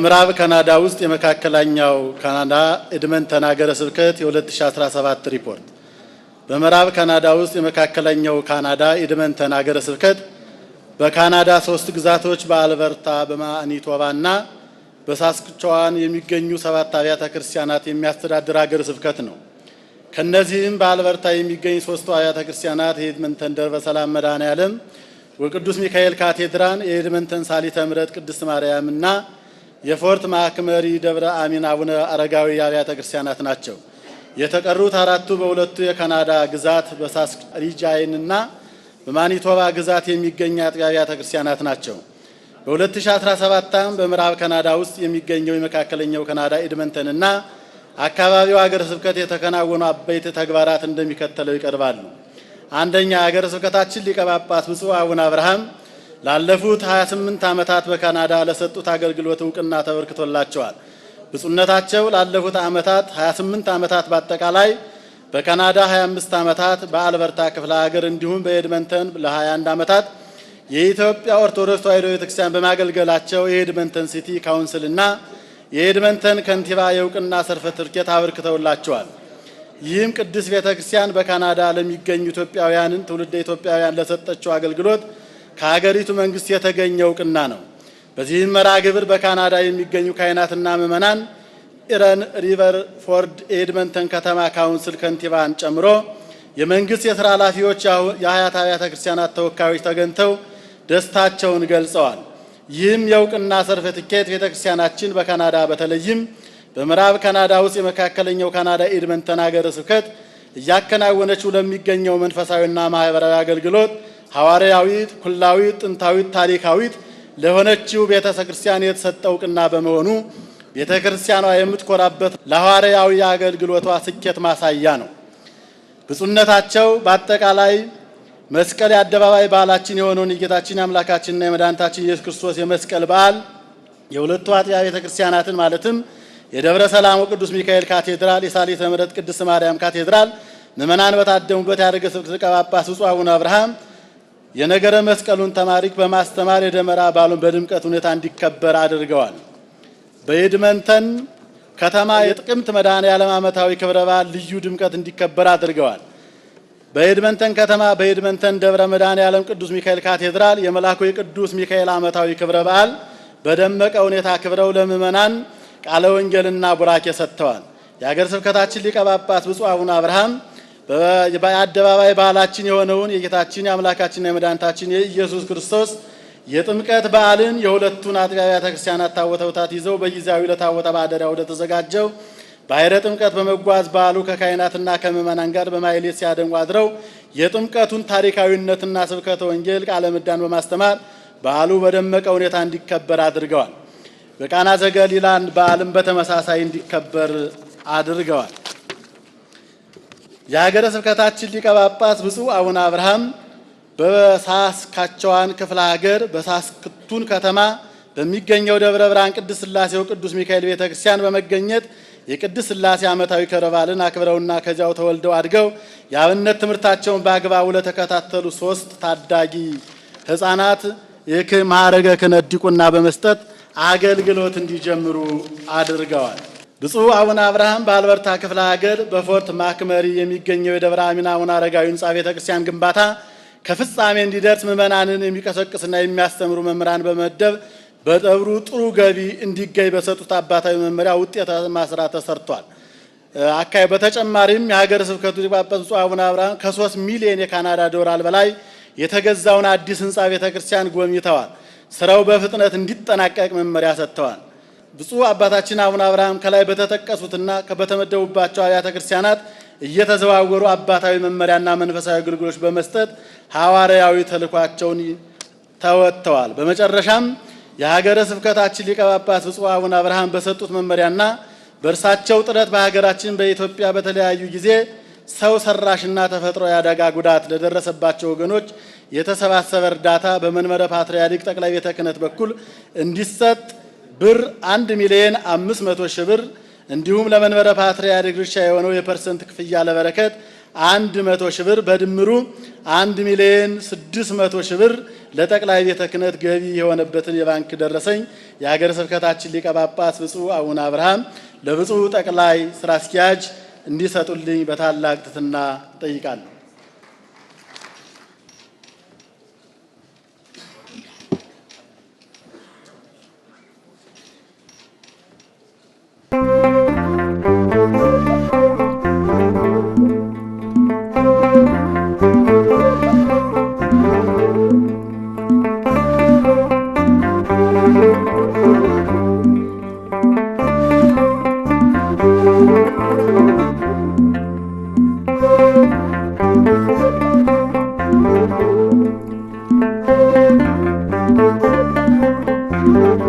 በምዕራብ ካናዳ ውስጥ የመካከለኛው ካናዳ ኤድመንተን ሀገረ ስብከት የ2017 ሪፖርት በምዕራብ ካናዳ ውስጥ የመካከለኛው ካናዳ ኤድመንተን ሀገረ ስብከት በካናዳ ሶስት ግዛቶች በአልበርታ፣ በማኒቶባ እና የሚገኙ ሰባት አብያተ ክርስቲያናት የሚያስተዳድር ሀገረ ስብከት ነው። ከነዚህም በአልበርታ የሚገኝ ሶስቱ አብያተ ክርስቲያናት የኤድመንተን ደርበ ሰላም መድኃኔ ዓለም ወቅዱስ ሚካኤል ካቴድራን፣ የኤድመንተን ሳሊተ ምሕረት ቅድስት ማርያም እና የፎርት ማክመሪ ደብረ አሚን አቡነ አረጋዊ አብያተ ክርስቲያናት ናቸው። የተቀሩት አራቱ በሁለቱ የካናዳ ግዛት በሳስክሪጃይን እና በማኒቶባ ግዛት የሚገኙ አጥቢያ አብያተ ክርስቲያናት ናቸው። በ2017 በምዕራብ ካናዳ ውስጥ የሚገኘው የመካከለኛው ካናዳ ኤድመንተን እና አካባቢው ሀገረ ስብከት የተከናወኑ አበይት ተግባራት እንደሚከተለው ይቀርባሉ። አንደኛ ሀገረ ስብከታችን ሊቀ ጳጳስ ብፁዕ አቡነ አብርሃም ላለፉት 28 ዓመታት በካናዳ ለሰጡት አገልግሎት እውቅና ተበርክቶላቸዋል። ብፁዕነታቸው ላለፉት ዓመታት 28 ዓመታት በአጠቃላይ በካናዳ 25 ዓመታት በአልበርታ ክፍለ ሀገር እንዲሁም በኤድመንተን ለ21 ዓመታት የኢትዮጵያ ኦርቶዶክስ ተዋሕዶ ቤተክርስቲያን በማገልገላቸው የኤድመንተን ሲቲ ካውንስልና የኤድመንተን ከንቲባ የእውቅና ሰርተፍኬት አበርክተውላቸዋል። ይህም ቅዱስ ቤተክርስቲያን በካናዳ ለሚገኙ ኢትዮጵያውያንን ትውልደ ኢትዮጵያውያን ለሰጠችው አገልግሎት ከሀገሪቱ መንግስት የተገኘ እውቅና ነው። በዚህም መርሃ ግብር በካናዳ የሚገኙ ካህናትና ምዕመናን ኢረን ሪቨርፎርድ ኤድመንተን ከተማ ካውንስል ከንቲባን ጨምሮ የመንግስት የስራ ኃላፊዎች፣ የሀያት አብያተ ክርስቲያናት ተወካዮች ተገኝተው ደስታቸውን ገልጸዋል። ይህም የእውቅና ሰርተፍኬት ቤተ ክርስቲያናችን በካናዳ በተለይም በምዕራብ ካናዳ ውስጥ የመካከለኛው ካናዳ ኤድመንተን ሀገረ ስብከት እያከናወነችው ለሚገኘው መንፈሳዊና ማህበራዊ አገልግሎት ሐዋርያዊት፣ ኩላዊት፣ ጥንታዊት፣ ታሪካዊት ለሆነችው ቤተ ክርስቲያን የተሰጠ እውቅና በመሆኑ ቤተ ክርስቲያኗ የምትኮራበት ለሐዋርያዊ አገልግሎቷ ስኬት ማሳያ ነው። ብፁዕነታቸው በአጠቃላይ መስቀል የአደባባይ በዓላችን የሆነውን የጌታችን የአምላካችንና የመድኃኒታችን ኢየሱስ ክርስቶስ የመስቀል በዓል የሁለቱ አጥቢያ ቤተ ክርስቲያናትን ማለትም የደብረ ሰላሙ ቅዱስ ሚካኤል ካቴድራል፣ የሳሊተ ምሕረት ቅድስት ማርያም ካቴድራል ምመናን በታደሙበት ያደረገ ስብከት ሊቀ ጳጳስ ብፁዕ አቡነ አብርሃም የነገረ መስቀሉን ተማሪክ በማስተማር የደመራ በዓሉን በድምቀት ሁኔታ እንዲከበር አድርገዋል። በኤድመንተን ከተማ የጥቅምት መድኃኔዓለም ዓመታዊ ክብረ በዓል ልዩ ድምቀት እንዲከበር አድርገዋል። በኤድመንተን ከተማ በኤድመንተን ደብረ መድኃኔዓለም ቅዱስ ሚካኤል ካቴድራል የመልአኩ የቅዱስ ሚካኤል ዓመታዊ ክብረ በዓል በደመቀ ሁኔታ አክብረው ለምዕመናን ቃለ ወንጌልና ቡራኬ ሰጥተዋል። የአገር ስብከታችን ሊቀ ጳጳስ ብፁዕ አቡነ አብርሃም በአደባባይ ባህላችን የሆነውን የጌታችን የአምላካችንና የመድኃኒታችን የኢየሱስ ክርስቶስ የጥምቀት በዓልን የሁለቱን አጥቢያ ቤተ ክርስቲያናት ታቦታት ይዘው በጊዜያዊ ለታቦተ ባደሪያ ወደ ተዘጋጀው ባሕረ ጥምቀት በመጓዝ በዓሉ ከካህናትና ከምዕመናን ጋር በማይሌት ሲያደምቁ አድረው የጥምቀቱን ታሪካዊነትና ስብከተ ወንጌል ቃለ ምዕዳን በማስተማር በዓሉ በደመቀ ሁኔታ እንዲከበር አድርገዋል። በቃና ዘገሊላን በዓልን በተመሳሳይ እንዲከበር አድርገዋል። የሀገረ ስብከታችን ሊቀ ጳጳስ ብፁዕ አቡነ አብርሃም በሳስካቸዋን ክፍለ ሀገር በሳስክቱን ከተማ በሚገኘው ደብረ ብርሃን ቅዱስ ስላሴው ቅዱስ ሚካኤል ቤተ ክርስቲያን በመገኘት የቅዱስ ስላሴ ዓመታዊ ክብረ በዓልን አክብረውና ከዚያው ተወልደው አድገው የአብነት ትምህርታቸውን በአግባቡ ለተከታተሉ ሶስት ታዳጊ ህፃናት ማዕረገ ክህነት ዲቁና በመስጠት አገልግሎት እንዲጀምሩ አድርገዋል። ብፁዕ አቡነ አብርሃም በአልበርታ ክፍለ ሀገር በፎርት ማክመሪ የሚገኘው የደብረ አሚን አቡነ አረጋዊ ህንፃ ቤተ ክርስቲያን ግንባታ ከፍጻሜ እንዲደርስ ምዕመናንን የሚቀሰቅስና የሚያስተምሩ መምህራን በመደብ በደብሩ ጥሩ ገቢ እንዲገኝ በሰጡት አባታዊ መመሪያ ውጤታማ ስራ ተሰርቷል። አካይ በተጨማሪም የሀገረ ስብከቱ ሊቀ ጳጳስ ብፁዕ አቡነ አብርሃም ከሶስት ሚሊዮን የካናዳ ዶላር በላይ የተገዛውን አዲስ ህንፃ ቤተ ክርስቲያን ጎብኝተዋል። ስራው በፍጥነት እንዲጠናቀቅ መመሪያ ሰጥተዋል። ብፁዕ አባታችን አቡነ አብርሃም ከላይ በተጠቀሱትና በተመደቡባቸው አብያተ ክርስቲያናት እየተዘዋወሩ አባታዊ መመሪያና መንፈሳዊ ግልግሎች በመስጠት ሐዋርያዊ ተልኳቸውን ተወጥተዋል። በመጨረሻም የሀገረ ስብከታችን ሊቀ ጳጳስ ብፁዕ አቡነ አብርሃም በሰጡት መመሪያና በእርሳቸው ጥረት በሀገራችን በኢትዮጵያ በተለያዩ ጊዜ ሰው ሰራሽና ተፈጥሮ የአደጋ ጉዳት ለደረሰባቸው ወገኖች የተሰባሰበ እርዳታ በመንበረ ፓትርያርክ ጠቅላይ ቤተ ክህነት በኩል እንዲሰጥ ብር 1 ሚሊዮን 500 ሺህ ብር እንዲሁም ለመንበረ ፓትርያርክ ድርሻ የሆነው የፐርሰንት ክፍያ ለበረከት 100 ሺህ ብር በድምሩ 1 ሚሊዮን 600 ሺህ ብር ለጠቅላይ ቤተ ክህነት ገቢ የሆነበትን የባንክ ደረሰኝ የሀገረ ስብከታችን ሊቀ ጳጳስ ብፁዕ አቡነ አብርሃም ለብፁዕ ጠቅላይ ስራ አስኪያጅ እንዲሰጡልኝ በታላቅ ትሕትና ጠይቃለሁ።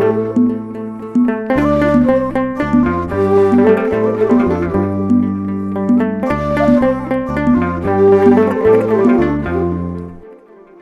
Thank you.